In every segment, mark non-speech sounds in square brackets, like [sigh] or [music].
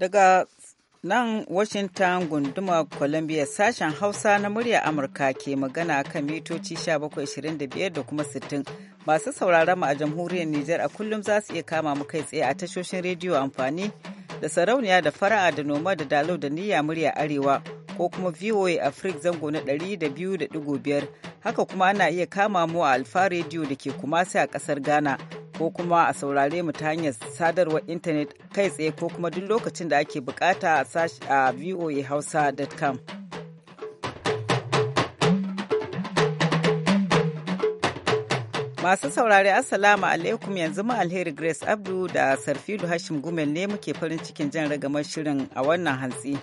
Daga nan Washington gunduma Columbia sashen Hausa na murya Amurka ke magana kan mitoci 1725 da kuma 60. Masu sauraron mu a jamhuriyar Nijar a kullum za su iya kama mu kai tsaye a tashoshin rediyo amfani da sarauniya da fara'a da noma da dalau da niyya murya arewa ko kuma VOA Africa zango na 200.5 haka kuma ana iya kama mu a Alfa Radio da ke kumasi a kasar Ghana ko kuma a saurare mu ta hanyar sadarwar intanet kai tsaye ko kuma duk lokacin da ake bukata a voahausa.com. Masu saurari Assalamu alaikum yanzu mu alheri Grace Abdu da Sarfidu Hashim Gumel ne muke farin cikin jan ragamar shirin a wannan hantsi.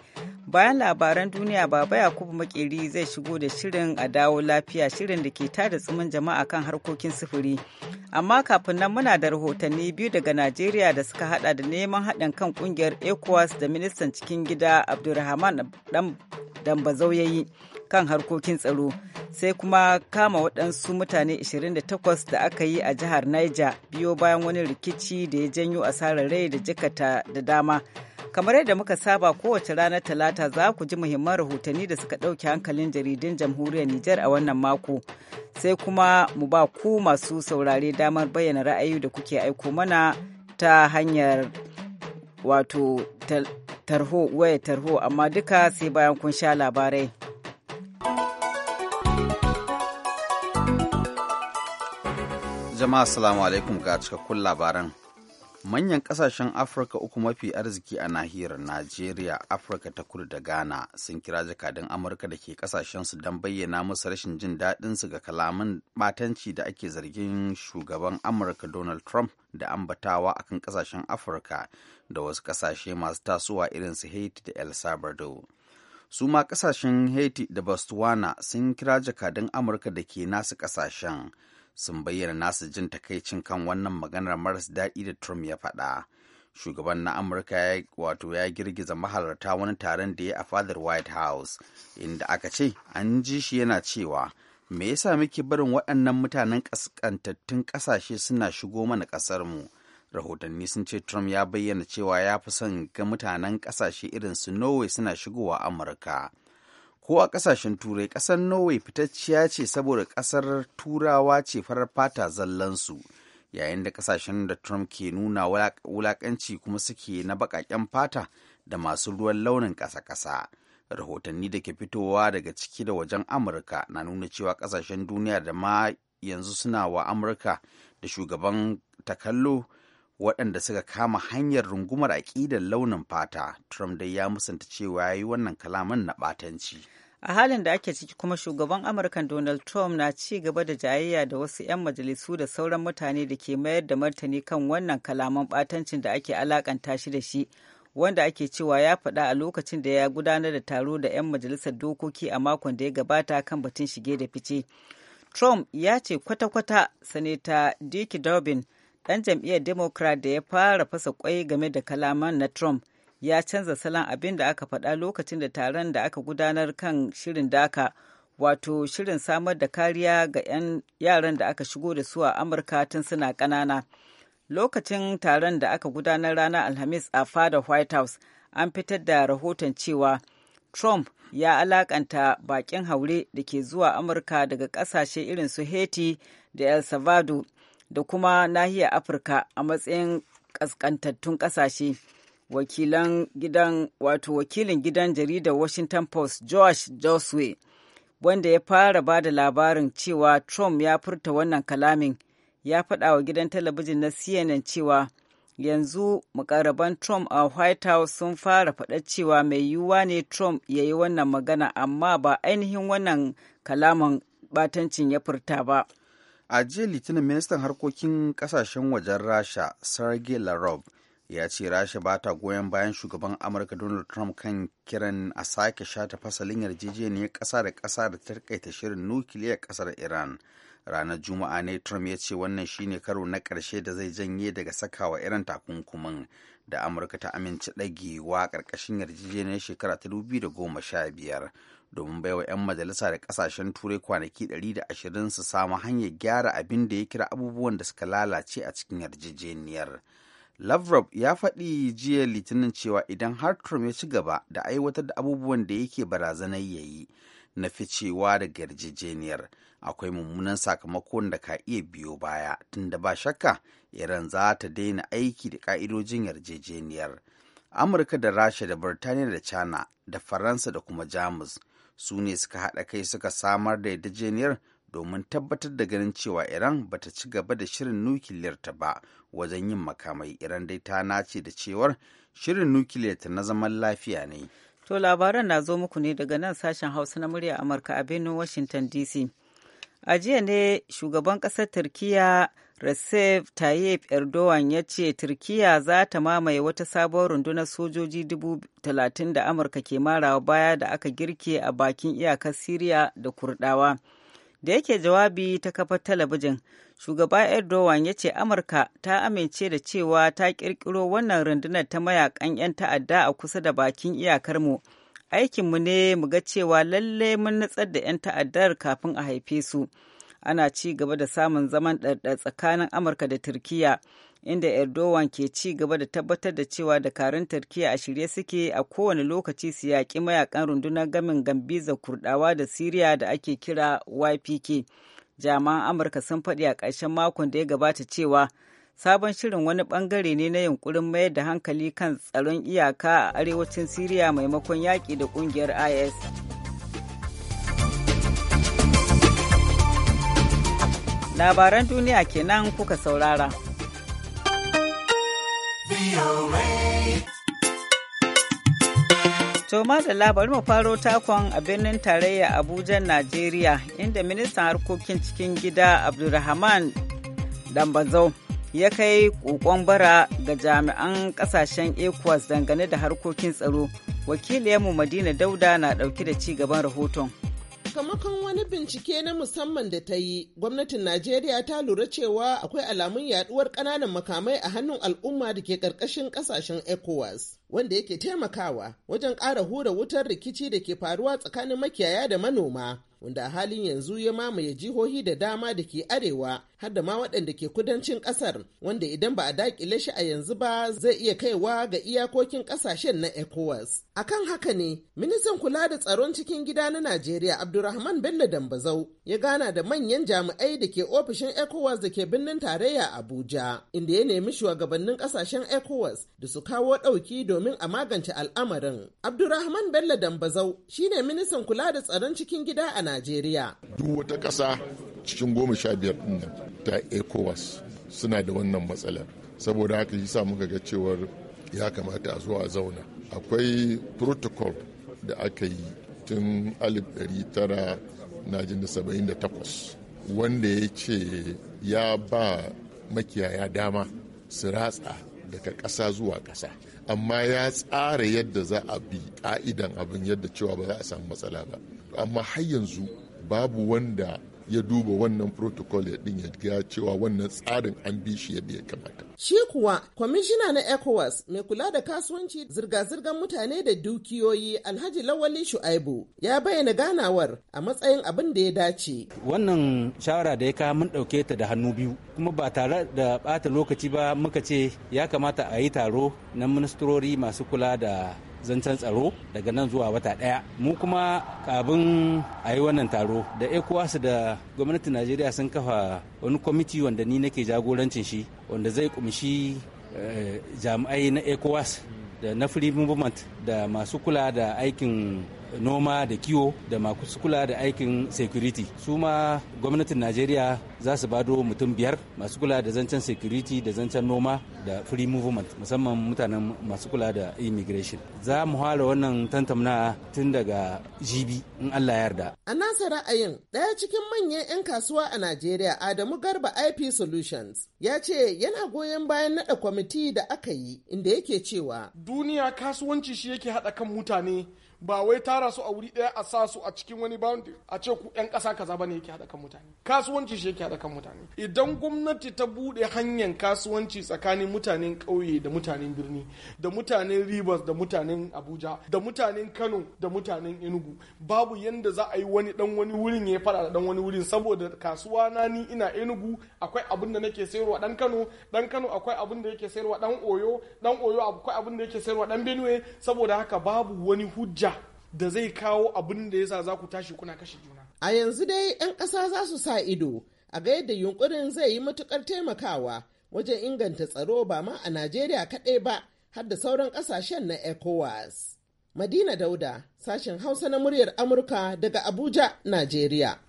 Bayan labaran duniya Baba Yakubu Makeri zai shigo da shirin a dawo lafiya shirin da ke tada tsumin jama'a kan harkokin sufuri. Amma kafin nan muna da rahotanni biyu daga Najeriya da suka hada da neman haɗin kan ƙungiyar ECOWAS da ministan cikin gida Abdulrahman dambazau ya kan harkokin tsaro sai kuma kama waɗansu mutane 28 da aka yi a jihar niger biyo bayan wani rikici da ya janyo asarar rai da jikata da dama kamar yadda muka saba kowace ranar talata za ku ji muhimman rahotanni da suka ɗauke hankalin jaridun jamhuriyar nijar a wannan mako sai kuma mu ba ku masu saurare damar bayyana ra'ayi da kuke aiko mana ta hanyar wato tarho waya tarho amma duka sai bayan kun sha labarai. Jama'a salamu alaikum ga cikakkun labaran. manyan kasashen afirka uku mafi arziki a nahiyar najeriya afirka ta kudu da ghana sun kira jakadun amurka da ke kasashensu don bayyana musu rashin jin daɗin su ga kalaman batanci da ake zargin shugaban amurka donald trump da ambatawa a kan kasashen afirka da wasu kasashe masu tasowa irin su haiti da el salvador su ma kasashen haiti da botswana sun kira jakadun amurka da ke nasu kasashen sun bayyana nasu jin takaicin kan wannan maganar maras daɗi da Trump ya faɗa. Shugaban na Amurka ya wato ya girgiza mahalarta wani taron da ya a fadar White House, inda aka ce an ji shi yana cewa me yasa muke barin waɗannan mutanen ƙasƙantattun ƙasashe suna shigo mana ƙasarmu. Rahotanni sun ce Trump ya bayyana cewa ya fi son ga mutanen ƙasashe irin su Norway suna shigowa Amurka. ko a ƙasashen turai ƙasar norway fitacciya ce saboda ƙasar turawa ce farar fata zallansu yayin da ƙasashen da trump ke nuna wulakanci kuma suke na baƙaƙen fata da masu ruwan launin ƙasa-ƙasa rahotanni da ke fitowa daga ciki da wajen amurka na nuna cewa ƙasashen duniya da ma yanzu suna wa amurka da shugaban takallo waɗanda suka kama hanyar rungumar aƙidar launin fata trump dai ya musanta cewa ya yi wannan kalaman na ɓatanci a halin da ake ciki kuma shugaban amurkan donald trump na ci gaba da jayayya da wasu 'yan majalisu da sauran mutane da ke mayar da martani kan wannan kalaman ɓatancin da ake alakanta shi da shi wanda ake cewa ya faɗa a lokacin da ya gudanar da taro da 'yan majalisar dokoki a makon da ya gabata kan batun shige da fice trump ya ce kwata-kwata sanata dick durbin ɗan jam'iyyar democrat da ya fara fasa kwai game da kalaman na trump ya canza salon abin da aka faɗa lokacin da taron da aka gudanar kan shirin daka wato shirin samar da kariya ga 'yan yaran da aka shigo da su a amurka tun suna ƙanana lokacin taron da aka gudanar ranar alhamis a fadar white house an fitar da rahoton cewa trump ya alakanta bakin haure da ke zuwa amurka daga ƙasashe irin su haiti da el salvador da kuma nahiyar afirka a matsayin kaskantattun ƙasashe wakilan gidan wato wakilin gidan jaridar washington post josh josue wanda ya fara ba da labarin cewa trump ya furta wannan kalamin ya faɗa wa gidan talabijin na cnn cewa yanzu mukarraban trump a white house sun fara faɗa cewa mai yiwuwa ne trump ya yi wannan magana amma ba ainihin wannan kalaman batancin ya furta ba a jiya litinin ministan harkokin kasashen wajen rasha sergei larov ya ce rasha ba ta goyon bayan shugaban amurka donald trump kan kiran a sake shata fasalin yarjejeniyar kasa da kasa da ta takaita shirin nukiliyar kasar iran ranar juma'a ne trump ya ce wannan shine karo na karshe da zai janye daga sakawa iran takunkumin da amurka ta amince ɗagewa ƙarƙashin yarjejeniyar shekara ta da goma sha biyar. domin baiwa 'yan majalisa da kasashen turai kwanaki 120 su samu hanyar gyara abin da ya kira abubuwan da suka lalace a cikin yarjejeniyar. Lavrov ya faɗi jiya litinin cewa idan har Trump ya ci gaba da aiwatar da abubuwan da yake barazanar ya yi na ficewa daga yarjejeniyar akwai mummunan sakamakon da ka iya biyo baya tunda ba shakka Iran za ta daina aiki da ka'idojin yarjejeniyar. Amurka da Rasha da Birtaniya da China da Faransa da kuma Jamus su ne suka haɗa kai suka samar da yadda domin tabbatar da ganin cewa iran ba ta ci gaba da shirin nukiliyar ta ba wajen yin makamai iran dai ta nace da cewar shirin nukiliyarta na zaman lafiya ne to labaran na zo muku ne daga nan sashen hausa na murya amurka a benin washington dc a jiya ne shugaban ƙasar turkiya recep tayyip erdogan ya ce turkiya za ta mamaye wata sabon rundunar sojoji dubu da amurka ke marawa baya da aka girke a bakin iyakar siriya da kurdawa da yake jawabi ta kafar talabijin shugaba erdogan ya ce amurka ta amince da cewa ta ƙirƙiro wannan rundunar ta mayakan 'yan ta'adda a kusa da bakin iyakarmu mu aikinmu ne mu ga cewa lalle mun natsar da 'yan ta'addar kafin a haife su ana ci gaba da samun zaman ɗarɗa tsakanin amurka da turkiya inda erdogan ke ci gaba da tabbatar da cewa dakarun turkiya a shirye suke a kowane lokaci su yaƙi mayakan rundunar gamin gambiza kurdawa da siriya da ake kira ypk jami'an amurka sun faɗi a ƙarshen makon da ya gabata cewa sabon shirin wani bangare ne na yunkurin mayar da hankali kan tsaron iyaka a arewacin siriya maimakon yaƙi da ƙungiyar is labaran duniya kenan kuka saurara Toma da labarin mu faro takon a birnin tarayya Abuja, Najeriya, inda ministan harkokin cikin gida Abdulrahman Dambazo ya kai kokon bara ga jami'an kasashen ecowas dangane da harkokin tsaro wakiliyarmu madina dauda na dauke da ci gaban rahoton sakamakon wani bincike na musamman da ta yi gwamnatin najeriya ta lura cewa akwai alamun yaduwar ƙananan makamai a hannun al'umma da ke ƙarƙashin ƙasashen ecowas wanda yake taimakawa wajen ƙara hura wutar rikici da ke faruwa tsakanin makiyaya da manoma wanda a halin yanzu ya mamaye jihohi da dama da ke arewa har da ma waɗanda ke kudancin ƙasar wanda idan ba a daƙile shi a yanzu ba zai iya kaiwa ga iyakokin ƙasashen na ecowas akan haka ne ministan kula da tsaron cikin gida na najeriya abdurrahman bello dambazau ya gana da manyan jami'ai da ke ofishin ecowas da ke birnin tarayya abuja inda ya nemi shugabannin ƙasashen ecowas da su kawo ɗauki domin a magance al'amarin. Abdurrahman Bello Dambazau shine ministan kula da tsaron cikin gida a Najeriya. Duk wata ƙasa cikin goma sha biyar ta ECOWAS suna da wannan matsalar. Saboda haka yi sa muka ga cewar ya kamata a zo a zauna. Akwai protocol da aka yi tun takwas. wanda ya ce ya ba makiyaya dama su ratsa daga ƙasa zuwa ƙasa amma ya tsara yadda za a bi ka'idan abin yadda cewa ba za a samu matsala ba amma har yanzu babu wanda ya duba wannan protocol ya din ya ga cewa wannan tsarin an bi shi yadda ya kamata. Shi kuwa kwamishina na ECOWAS mai kula da kasuwanci zirga-zirgar mutane da dukiyoyi Alhaji Lawali Shu'aibu ya bayyana ganawar a matsayin abin da ya dace. Wannan shawara da ya kawo mun ɗauke ta da hannu biyu kuma ba tare da ɓata lokaci ba muka ce ya kamata a yi taro na ministrori masu kula da zancen tsaro daga nan zuwa wata ɗaya mu kuma kabin a yi wannan taro da ecowas da gwamnatin najeriya sun kafa wani kwamiti wanda ni nake jagorancin shi wanda zai kumshi eh, jami'ai na ecowas da na free movement da masu kula da aikin noma da kiwo da masu kula da aikin security su ma gwamnatin najeriya za su bado mutum biyar masu kula da zancen security da zancen noma da free movement musamman mutanen masu kula da immigration za mu hala wannan tantamna tun daga jibi in allah yarda a nasa ra'ayin ɗaya cikin manyan 'yan kasuwa a najeriya adamu garba ip solutions ya ce yana goyon bayan nada kwamiti da aka yi inda yake cewa duniya kasuwanci shi yake haɗa kan mutane ba wai tara su a wuri daya a sa su a cikin wani boundary a ce ku yan ƙasa kaza bane yake hada kan mutane kasuwanci shi yake hada kan mutane idan gwamnati ta bude hanyar kasuwanci tsakanin mutanen kauye da mutanen birni da mutanen Rivers da mutanen Abuja da mutanen Kano da mutanen Enugu babu yanda za a yi wani dan wani wurin ya fara da dan wani wurin saboda kasuwa na ni ina Enugu akwai abin da nake sayarwa dan Kano dan Kano akwai abin da yake sayarwa dan Oyo dan Oyo akwai abin da yake sayarwa dan Benue saboda haka babu wani hujja da zai kawo abin da yasa za ku tashi kuna kashe juna a yanzu dai 'yan ƙasa za su sa ido a ga yadda yunkurin zai yi matukar taimakawa wajen inganta tsaro ba ma a najeriya kaɗai ba har da sauran ƙasashen na ecowas madina dauda sashen hausa na muryar amurka daga abuja najeriya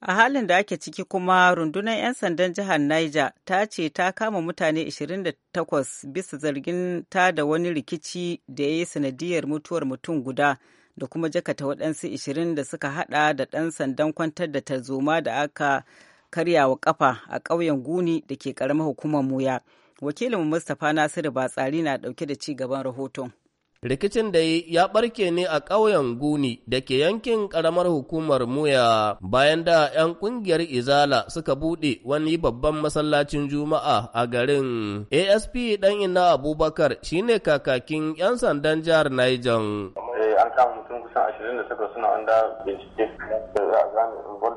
a halin da ake ciki kuma rundunar 'yan sandan jihar niger ta ce ta kama mutane 28 bisa zargin ta da wani rikici da ya yi sanadiyar mutuwar mutum guda da kuma jakata waɗansu 20 da suka haɗa da ɗan sandan kwantar da tarzoma da aka karya wa ƙafa a ƙauyen guni da ke ƙaramar hukumar muya wakilin mustapha nasiru batsari na ɗauke da ci gaban rahoton rikicin da ya barke ne a ƙauyen guni da ke yankin ƙaramar hukumar muya bayan da 'yan ƙungiyar izala suka buɗe wani babban masallacin juma'a a garin asp ɗan ina abubakar shine kakakin 'yan sandan jihar niger kan mutum kusan ashirin da takwas suna wanda bincike da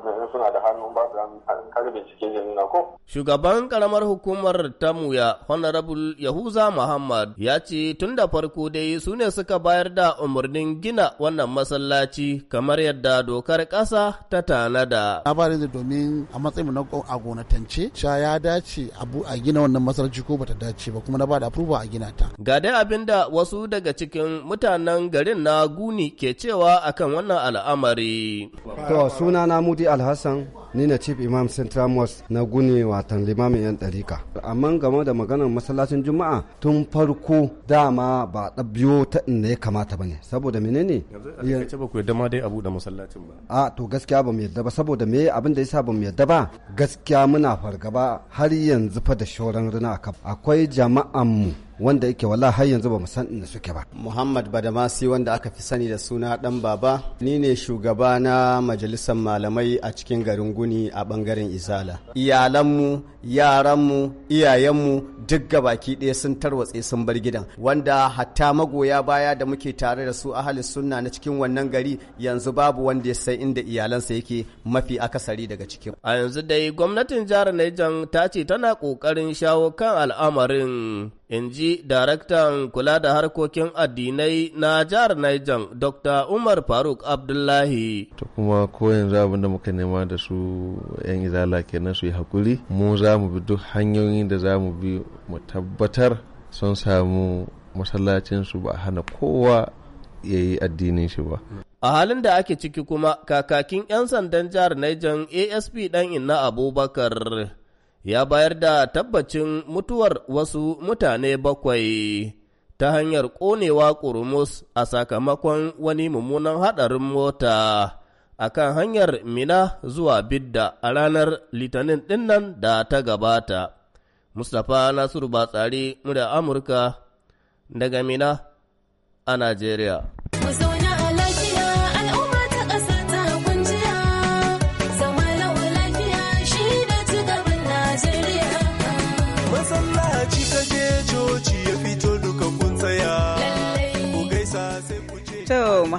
in suna da hannun ba da kare bincike zai nuna ko. Shugaban karamar hukumar Muya, Honorable Yahuza Muhammad ya ce tun da farko dai su ne suka bayar da umarnin gina wannan masallaci kamar yadda dokar ƙasa ta tanada. Na ba da domin a matsayin na a gonatance sha ya dace a gina wannan masallaci ko bata dace ba kuma na ba da a gina ta. Ga dai abin da wasu daga cikin mutanen garin na Gu kuni ke cewa akan wannan al'amari. To suna na Mudi Alhassan ni na Chief Imam Central Mosque na gune watan limamin 'yan ɗarika. Amma game da maganar masallacin Juma'a tun farko dama ba da biyo ta inda ya kamata ba ne saboda menene? Yanzu ba ku yadda ma dai abu da masallacin ba. A to gaskiya ba mu yadda ba saboda me abin da yasa ba mu yadda ba gaskiya muna fargaba har yanzu fa da shoran rina akwai jama'an mu wanda yake wala har yanzu bamu san inda suke ba. Muhammad Badamasi wanda aka fi sani da suna dan baba ni ne shugaba na majalisar malamai a cikin garin Guni a bangaren Izala. Iyalanmu, yaranmu, iyayenmu duk gabaki ɗaya sun tarwatse sun bar gidan wanda hatta magoya baya da muke tare da su ahli sunna na cikin wannan gari yanzu babu wanda ya sai inda iyalansa yake mafi akasari daga cikin. A yanzu dai gwamnatin jihar Niger ta ce tana ƙoƙarin shawo kan al'amarin in ji daraktan kula da harkokin addinai na jihar Niger Dr. Umar Faruk Abdullahi. Ta kuma ko yanzu abin da muka nema da su 'yan izala kenan su yi hakuri mu za mu bi duk hanyoyin da za mu bi mu tabbatar sun samu masallacinsu ba hana kowa ya yi addinin shi ba. A halin da ake ciki kuma kakakin 'yan sandan jihar Niger ASP ɗan inna Abubakar ya bayar da tabbacin mutuwar wasu mutane bakwai ta hanyar ƙonewa ƙurmus a sakamakon wani mummunan haɗarin mota a kan hanyar Mina zuwa Bidda a ranar Litinin ɗinnan da ta gabata. Mustapha Nasiru Batsari, murya Amurka, daga Mina a Najeriya.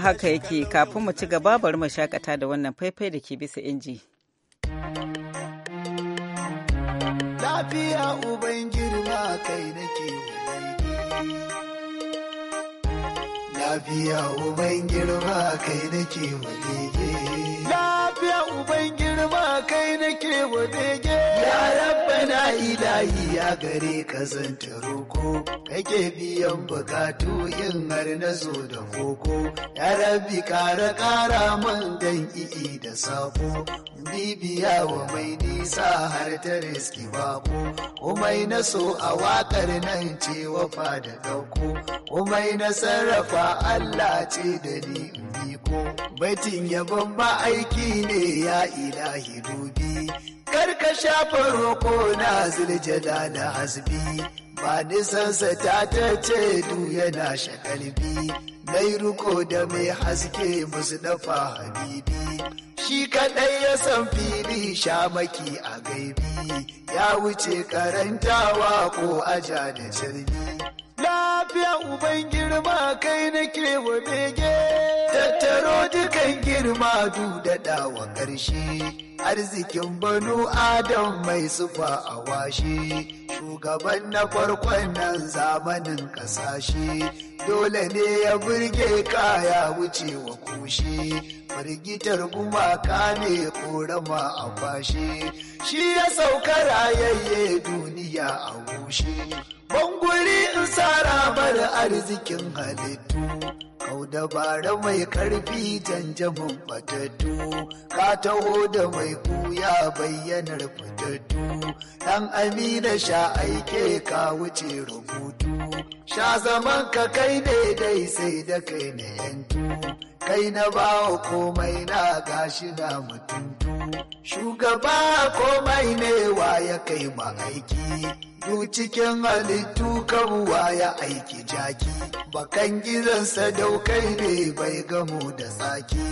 haka yake kafin mu ci gaba bari mu shakata da wannan faifai da ke bisa inji. Lafiya uban girma kai nake Lafiya uban girma kai nake wadege. lafiya uban girma kai nake wa bege ya na ilahi ya gare ka zanta roko kake biyan bukatu yin har na zo da koko ya rabbi kara kara man dan i'i da sako bibiya wa mai nisa har ta riski bako kumai na so a wakar nan ce wafa da dauko kumai na sarrafa Allah ce da ni Baitin ya ba aiki ne ya ilahi dubi, karka shafa roƙo na ziljada da hasbi, ba nisansa ta ta ce du yana shakalbi, mai ruko da mai haske musu dafa habibi. Shi kaɗai ya san fili shamaki a gaibi, ya wuce karantawa ko aja da jirgi. Lafiya uban girma kai nake wa bege. Tattaro dukan girma dudada wa ƙarshe. Arzikin banu Adam mai sufa a washe. Shugaban na farkon nan zamanin ƙasashe. Dole ne ya burge kaya wuce wa kushe. firgitar gumaka ne korama a fashe shi ya sauka rayayye duniya a bushe banguri in sara bar arzikin halittu Kau bara mai karfi janjamin fatattu, ka taho da mai kuya bayyanar fatattu, ɗan amina sha aike ka wuce rubutu, sha zaman ka kai daidai sai da kai na yantu, kai na bawa komai na gashi na mutuntu. Shugaba komai ne wa ya kai ma aiki, du cikin halittu kawuwa ya aiki jaki, bakan gizansa daukai ne bai gamo da tsaki,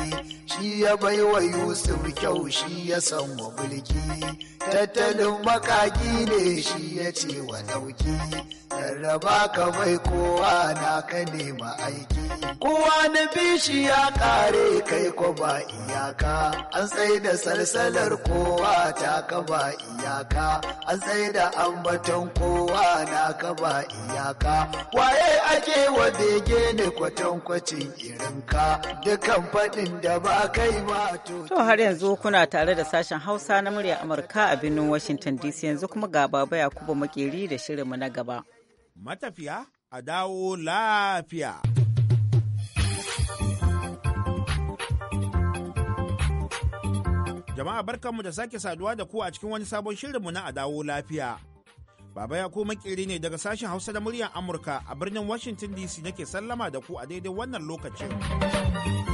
shi ya bai wa Yusuf kyau shi ya san wa mulki, tattalin makaki ne shi ya ce wa dauki. Rarraba ka bai kowa na ka nema aiki. Kowa na bishi ya kare kai ko ba iyaka. An tsaye da salsalar kowa ta ka ba iyaka. An tsaye da ambaton kowa na ka ba iyaka. Waye ake wa bege ne kwacin irinka. Dukan faɗin da ba kai ma to. To har yanzu kuna tare da sashen Hausa na murya Amurka a birnin Washington DC yanzu kuma ga Baba Yakubu Makeri da shirinmu na gaba. matafiya a dawo lafiya. Jama'a barkanmu da sake saduwa da ku a cikin wani sabon shirinmu na a dawo lafiya. Baba ya ko makiri ne daga sashen Hausa da muryar Amurka a birnin Washington DC nake sallama da ku a daidai wannan lokacin.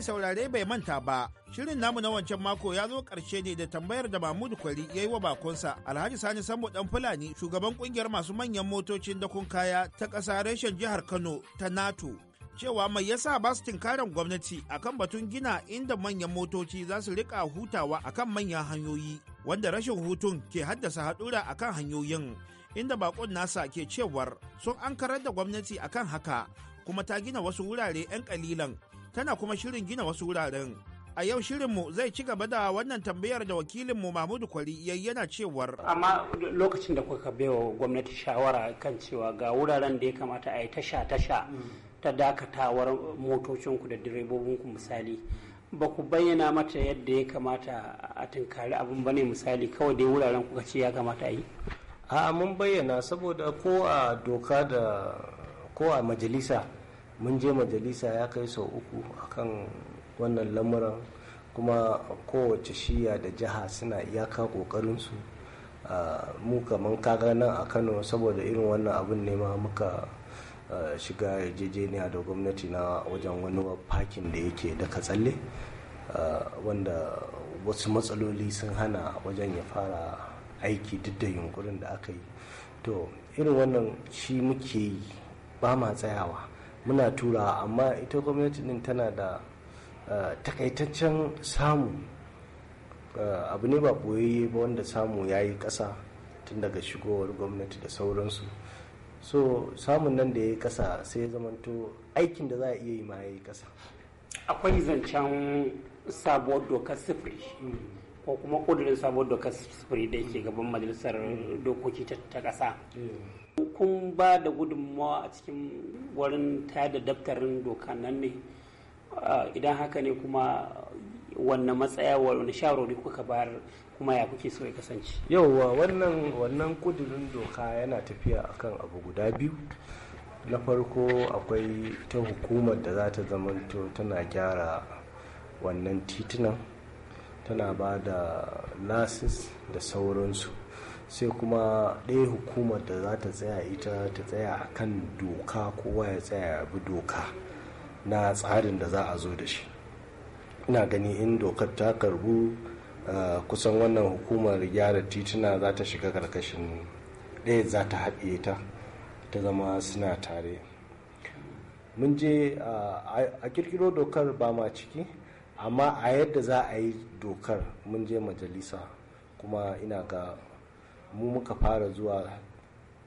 mai saurare bai manta ba, shirin namu na wancan mako ya zo ƙarshe ne da tambayar da Mahmud Kwari ya yi wa bakonsa Alhaji Sani Sambo Dan Fulani shugaban kungiyar masu manyan motocin da kun kaya ta ƙasa reshen jihar Kano ta NATO. Cewa mai yasa ba su tinkarin gwamnati akan batun gina inda manyan motoci za su rika hutawa akan manyan hanyoyi, wanda rashin hutun ke haddasa haɗura akan hanyoyin. inda bakon nasa ke cewar sun ankarar da gwamnati akan haka kuma ta gina wasu wurare 'yan kalilan tana kuma shirin gina wasu wuraren. A yau shirinmu zai ci gaba da wannan tambayar da wakilinmu Mahmudu Kwari yayyana cewar. Amma lokacin da kuka baiwa gwamnati shawara kan cewa ga wuraren da ya kamata a yi tasha-tasha ta dakatawar motocinku da direbobinku misali. ba ku bayyana mata yadda ya kamata a tunkari abin bane misali kawai dai wuraren kuka ce ya kamata a yi a mun bayyana saboda ko a doka da ko a majalisa mun je majalisa ya kai sau uku akan wannan lamuran kuma kowace shiya da jiha suna iyaka kokarinsu mu kaman kaga nan a kano saboda irin wannan abin ne ma muka shiga yarjejeniya da gwamnati na wajen wani fakin da yake da katsalle wanda wasu matsaloli sun hana wajen ya fara aiki duk da yunkurin da aka yi to irin wannan shi muke yi ba ma tsayawa muna tura amma ita gwamnati din tana da eh, takaitaccen samu eh, abu ne ba boye ba wanda samu ya yi ƙasa tun daga shigowar gwamnati da sauransu so samun nan da ya yi ƙasa sai ya zamanto aikin da za a iya yi ma ya yi ƙasa akwai zancen sabuwar dokar sifiri ko kuma kudurin sabuwar dokar sifiri da yake gaban majalisar dokoki ta ƙasa hmm. kun ba da gudunmawa a cikin wurin taya da daftarin doka nan ne idan haka ne kuma wannan matsaya wani shawarwari kuka bayar kuma ya kuke so ya kasance yauwa wannan wannan kudurin doka yana tafiya akan abu guda biyu na farko akwai ta hukumar da za ta zamanto tana gyara wannan titunan tana ba da lasis da sauransu sai kuma ɗaya hukumar da za ta tsaya ita ta tsaya a kan doka kowa ya tsaya bi doka na tsarin da za a zo da shi ina gani in dokar ta karbu kusan wannan hukumar gyara tituna za ta shiga karkashin ɗaya za ta haɗe ta ta zama suna tare mun je a kirkiro dokar ba ma ciki amma a yadda za a yi dokar mun je majalisa kuma ina ga mu muka fara zuwa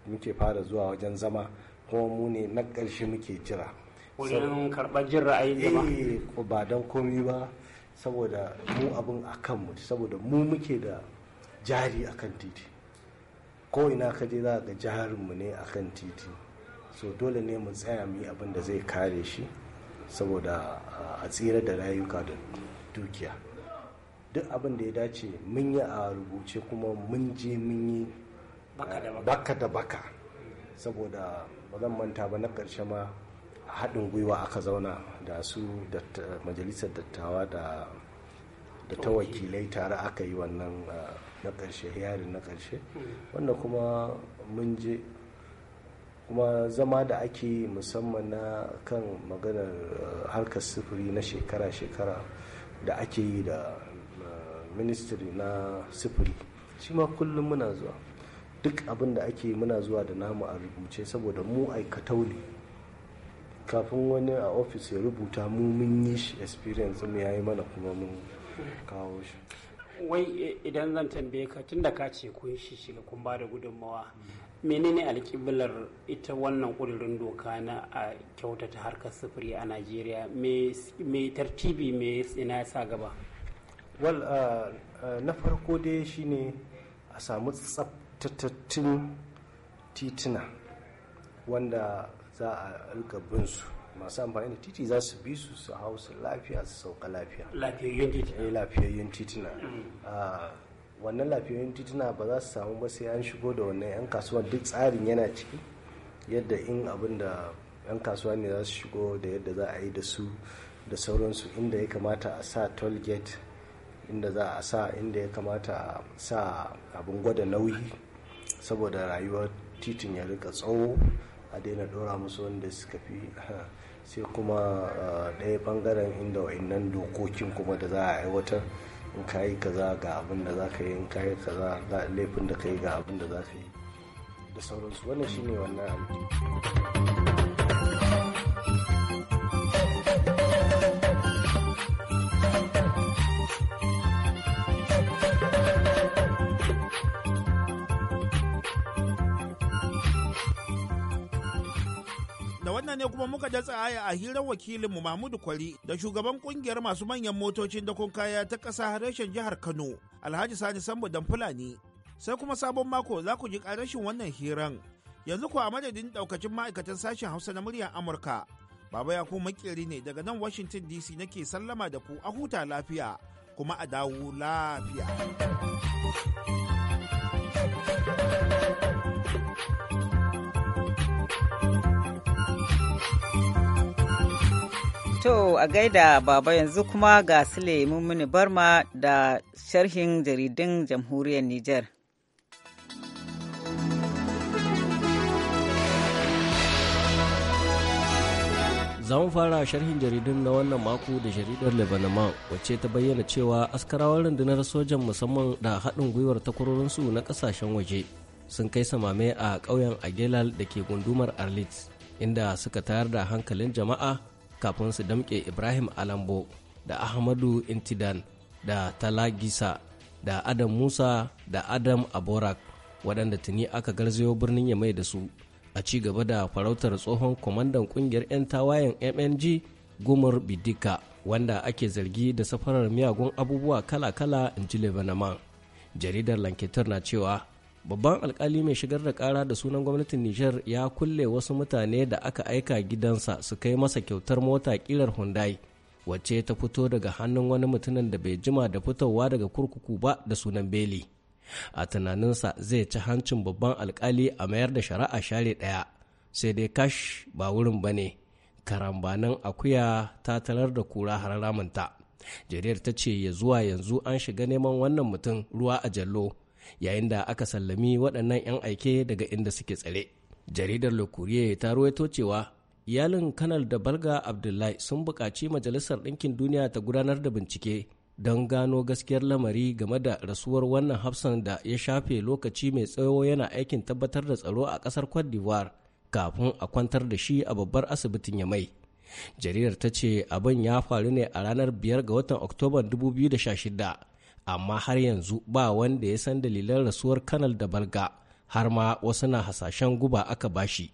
muke fara zuwa wajen zama kuma mu ne na ƙarshe muke jira wajen karɓar jin ra'ayin eh, jama'a ba don komi ba saboda mu abin a kanmu saboda mu muke da jari a kan titi ko ina ka je za ga jarinmu ne a kan titi so dole ne mu tsaya mu yi abin da zai kare shi saboda ah, a tsira da rayuka da dukiya duk abin da ya dace mun yi a rubuce kuma mun je mun yi eh, baka da baka saboda ba zan manta ba na ƙarshe ma haɗin gwiwa aka zauna da su majalisar dattawa da da ta wakilai tare aka yi wannan eh, na ƙarshe yarin na ƙarshe hmm. wanda kuma mun je kuma zama da ake musamman na kan maganar eh, harkar sufuri na shekara-shekara da ake yi da ministry na sifiri shi ma kullum muna zuwa duk abin da ake muna zuwa da namu a rubuce saboda mu aikatau ne kafin wani a ofis ya rubuta mu mun yi shi experience mu yayi mana kuma mun kawo shi wai idan zan tambaye ka tunda ka ce kun shi shiga kun ba da gudunmawa menene alkiblar ita wannan ƙudurin doka na a kyautata harkar sufuri a najeriya me tartibi me tsina sa gaba wal uh, uh, na farko dai shine a samu tsaftatattun tituna wanda za a rika su masu amfani da titi za su bi su su hau su lafiya su sauka lafiya lafiyayyun tituna eh, mm. ah, wannan lafiyayyun tituna ba za su samu ba sai an shigo da wannan 'yan kasuwa duk tsarin yana ciki yadda in abin da 'yan kasuwa ne za su shigo da yadda za a yi da su da sauransu inda ya kamata a sa toll gate inda za a sa inda ya kamata sa abin gwada nauyi saboda rayuwar titin ya rika tsawo a daina dora musu wanda suka fi [laughs] sai kuma eh, ɗaya bangaren inda wa'innan dokokin kuma da za a aiwatar in ka yi kaza ga abin da za ka yi in ka yi kaza ga laifin da ka yi ga abin da za ka yi da sauransu wannan shine wannan abu ne kuma muka datsa aya a hirar wakilinmu Mahmudu Kwari da shugaban kungiyar masu manyan motocin dakon kaya ta ƙasa harshen jihar Kano, Alhaji Sani Sambo dan Fulani. Sai kuma sabon mako za ku ji ƙarashin wannan hiran. Yanzu ku a madadin ɗaukacin ma'aikatan sashen Hausa na muryar Amurka. Baba ya ku makeri ne daga nan Washington DC nake sallama da ku a huta lafiya kuma a dawo lafiya. To a gaida baba yanzu kuma ga Sule Mummuni Barma da sharhin jaridun jamhuriyar Nijar. za mu fara sharhin jaridun na wannan mako da jaridar lebanon wacce ta bayyana cewa askarawar rundunar sojan musamman da haɗin gwiwar takwarorinsu na ƙasashen waje sun kai samame a ƙauyen agelal da ke gundumar arlit inda suka tayar da hankalin jama'a kafin su damƙe ibrahim alambo da ahmadu intidan da talagisa da adam musa da adam aborak waɗanda tuni aka garzayo birnin ya mai da su a ci gaba da farautar tsohon kwamandan ƙungiyar 'yan tawayen mng gumar bidika wanda ake zargi da safarar miyagun abubuwa kala-kala in ji lebanon jaridar lanketar na cewa babban alkali mai shigar da kara da sunan gwamnatin nijar ya kulle wasu mutane da aka aika gidansa su kai masa kyautar mota kirar hundai wacce ta fito daga hannun wani mutumin da bai jima da fitowa daga kurkuku ba da sunan beli a tunaninsa zai ci hancin babban alkali a mayar da shari'a share ɗaya sai dai kash ba wurin ba ne karambanin akuya ta talar da kura har ramunta jariyar ta ce ya zuwa yanzu an shiga neman wannan mutum ruwa a jallo yayin da aka sallami waɗannan 'yan aike daga inda suke tsare jaridar le ta ruwaito cewa iyalin kanal da balga abdullahi sun buƙaci majalisar ɗinkin duniya ta gudanar da bincike don gano gaskiyar lamari game da rasuwar wannan hafsan da ya shafe lokaci mai tsawo yana aikin tabbatar da tsaro a ƙasar cote d'ivoire kafin a kwantar da shi a babbar asibitin ya mai jaridar ta ce abin ya faru ne a ranar 5 ga watan oktoba 2016 amma har yanzu ba wanda ya san dalilan rasuwar kanal da balga har ma wasu na hasashen guba aka bashi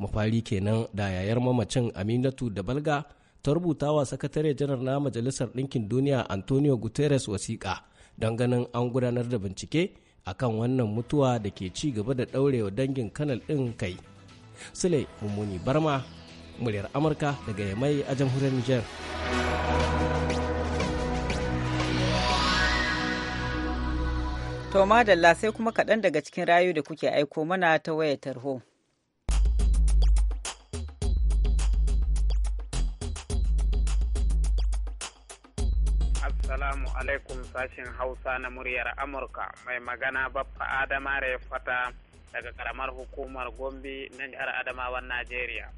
mafari kenan da yayar mamacin aminatu da balga ta rubuta wa sakatare janar na majalisar ɗinkin duniya antonio guterres wasiƙa don ganin an gudanar da bincike akan wannan mutuwa da ke ci gaba da ɗaurewa dangin kanal ɗin kai sule mummuni barma muryar amurka daga yamai a jamhuriyar niger To madalla sai kuma kaɗan daga cikin rayu da kuke aiko mana ta waya tarho. Assalamu alaikum sashin Hausa na muryar Amurka mai magana Baffa Adama fata daga karamar hukumar Gombe na jihar Adamawan Najeriya.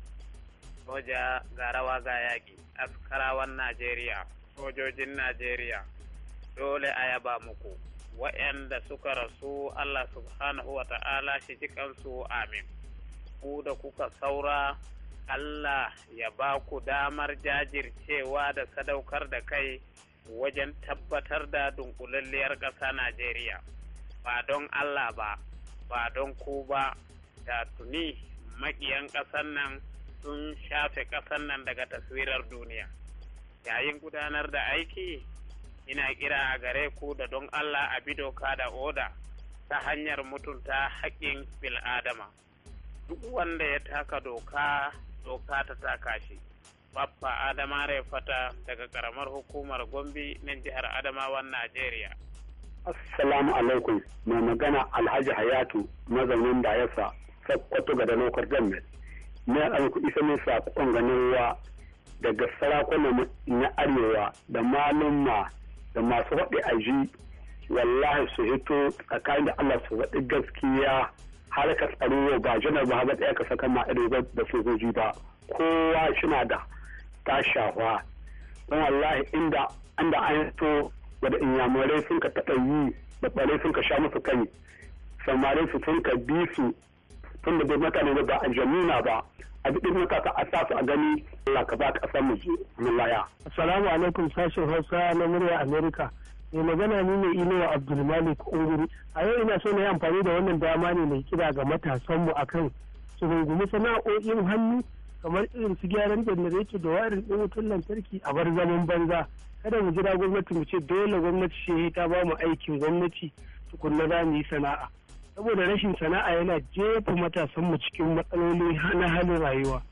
Soja ga rawa ga yaƙi, askarawan Najeriya, sojojin Najeriya, dole a yaba muku. waɗanda suka rasu Allah subhanahu wa ta'ala shi ji amin ku da kuka saura Allah ya ba ku damar jajircewa da sadaukar da kai wajen tabbatar da dunkulalliyar ƙasa Najeriya ba don Allah ba ba don ku ba da tuni maƙiyan ƙasar nan sun shafe ƙasar nan daga taswirar duniya yayin gudanar da aiki ina kira a gare ku da don allah a bi doka da oda ta hanyar mutunta haƙƙin bil'adama duk wanda ya taka doka doka ta taka shi Baffa Adama Refata daga ƙaramar hukumar Gombe na jihar Adamawan Najeriya. Assalamu alaikum mai magana Alhaji Hayatu mazaunin da sa sakkwato ga danokar Gombe. Na aiki isa ne saƙon ganin daga sarakunan na Arewa da malumma da masu faɗi a ji wallahi su hito tsakanin da Allah su faɗi gaskiya har ka tsaro ba janar ba ba ɗaya ka saka ma ido da sojoji ba kowa shina da tashawa don wallahi inda an da an hito wadda inyamurai sun ka taɓa yi da ɓare sun ka sha musu kai samarai su sun ka bi su tunda dai mutane ba a jamina ba a duk maka ka a a gani Allah ka ba kasar mu laya. assalamu alaikum sashin Hausa na murya America mai magana ni ne Abdul Abdulmalik unguri a yau ina so na yi amfani da wannan dama ne mai kira ga matasan mu akan su rungumi sana'o'in hannu kamar irin su gyaran ce da wayar ɗin wutar lantarki a bar zaman banza kada mu jira gwamnati mu ce dole gwamnati ce ta ba mu aikin gwamnati tukunna za mu yi sana'a saboda rashin sana'a yana jefa matasanmu cikin matsaloli na halin rayuwa.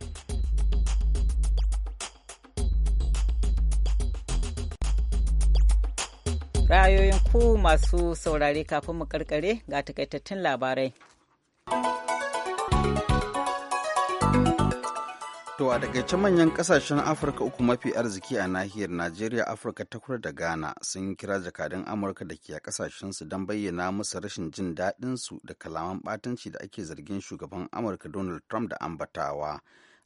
ra'ayoyin ku masu saurare kafin mu karkare ga takaitattun labarai. To a takaice manyan kasashen Afirka uku mafi arziki a nahiyar Najeriya, Afirka ta kura da Ghana sun yi kira jakadun Amurka da ke a su don bayyana musu rashin jin daɗin su da kalaman ɓatanci da ake zargin shugaban Amurka Donald Trump da ambatawa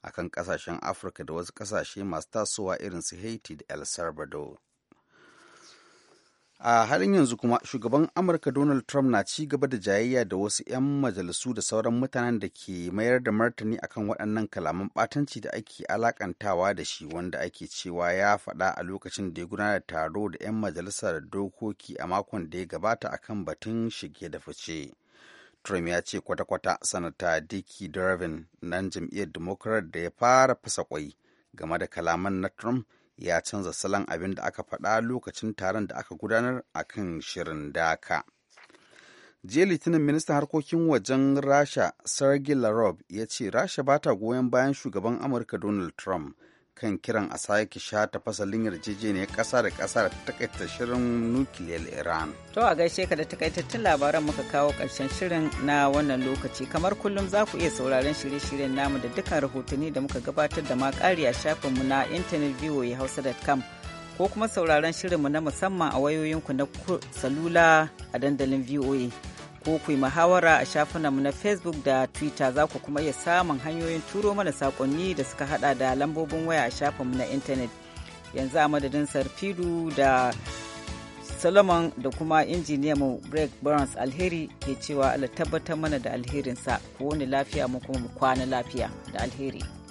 akan kasashen Afirka da wasu kasashe masu tasowa irin su Haiti da El Salvador. a halin yanzu kuma shugaban amurka donald trump na ci gaba da jayayya da wasu 'yan majalisu da sauran mutanen da ke mayar da martani akan waɗannan kalaman ɓatanci da ake alakantawa da shi wanda ake cewa ya faɗa a lokacin da ya gudanar taro da 'yan majalisar dokoki a makon da ya gabata akan batun shige da fice trump ya ce kwata-kwata sanata dicky durbin nan jam'iyyar democrat da ya fara fasa kwai game da kalaman na trump ya canza salon abin da aka faɗa lokacin taron da aka gudanar a kan shirin daka. jiya litinin ministan harkokin wajen rasha sergei larov ya ce rasha ba ta goyon bayan shugaban amurka donald trump kan kiran a sake ta fasalin yarjejeniyar kasa da kasa da takaita shirin nukiliyar Iran. To a gaishe ka da takaitattun labaran muka kawo karshen shirin na wannan lokaci kamar kullum za ku iya sauraron shirye-shiryen namu da dukkan rahotanni da muka gabatar da ma ƙari a shafinmu na intanet voahausa.com ko kuma sauraron shirinmu na musamman a wayoyinku na salula a dandalin VOA. ko ku yi muhawara a shafinanmu na facebook da twitter za ku kuma iya samun hanyoyin turo mana sakonni da suka hada da lambobin waya a shafinmu na intanet yanzu a madadin sarfidu da solomon da kuma mu greg burns alheri ke cewa ala tabbatar mana da alherinsa ku wani lafiya mu kuma mu kwana lafiya da alheri.